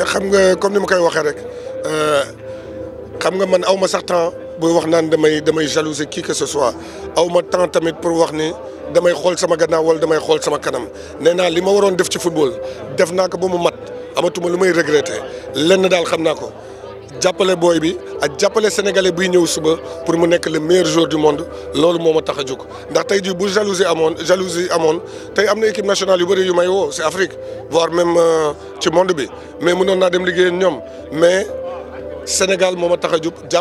mais xam nga comme ni ma koy waxee rek euh, xam nga man aw ma sax temps booy wax naan damay damay jalouser qui que ce soit aw ma temps tamit pour wax ni damay xool sama gannaaw wala damay xool sama kanam nee naa li ma waroon def ci football def naa ko ba mu mat amatuma lu may regretter lenn daal xam naa ko. jàppale boy bi ak jàppale sénégalais buy ñëw suba pour mu nekk le meilleur joueur du monde lolu moma ma tax ndax tay jii bu jalousie amone jalousie amone tay am équipe nationale yu bari yu may wo si Afrique voire même euh, ci monde bi mais mënoon n'a dem liggéey ñom mais Sénégal moma ma tax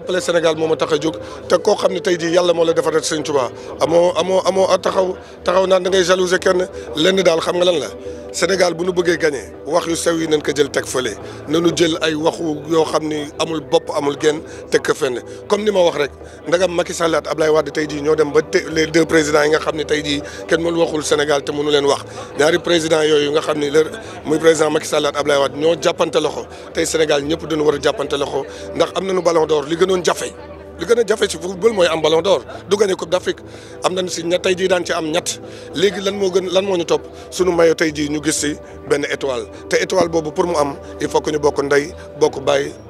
a Sénégal moma ma tax a jóg te koo xam ne tey la defaral Seigne Touba amo amo amo taxaw taxaw na da ngay jalouser kenn lenn dal xam nga lan la. Sénégal bu nu bëggee gagné wax yu sew yi nañ ko jël teg fële nañu jël ay waxu yoo xam ni amul bopp amul genn teg ko fenn comme ni ma wax rek ndagam Macky Sall ab Ablaye Wade tey jii ñoo dem ba te les deux présidents yi nga xam ne tey jii kenn mënu waxul Sénégal te mënu leen wax ñaari président yooyu nga xam ni leur muy président Macky Sall ak Ablaye Wade ñoo jàppante loxo tey Sénégal ñëpp dañu war a jàppante loxo ndax am na nañu ballon door li gënoon jafe li gën a ci si football mooy am ballon d'or du gagné coupe d'Afrique am nañ si ñett tey jii daan ci am ñett léegi lan moo gën lan moo ñu topp suñu mayo tey jii ñu gis si benn étoile te étoile boobu pour mu am il faut que ñu bokk ndey bokk bàyyi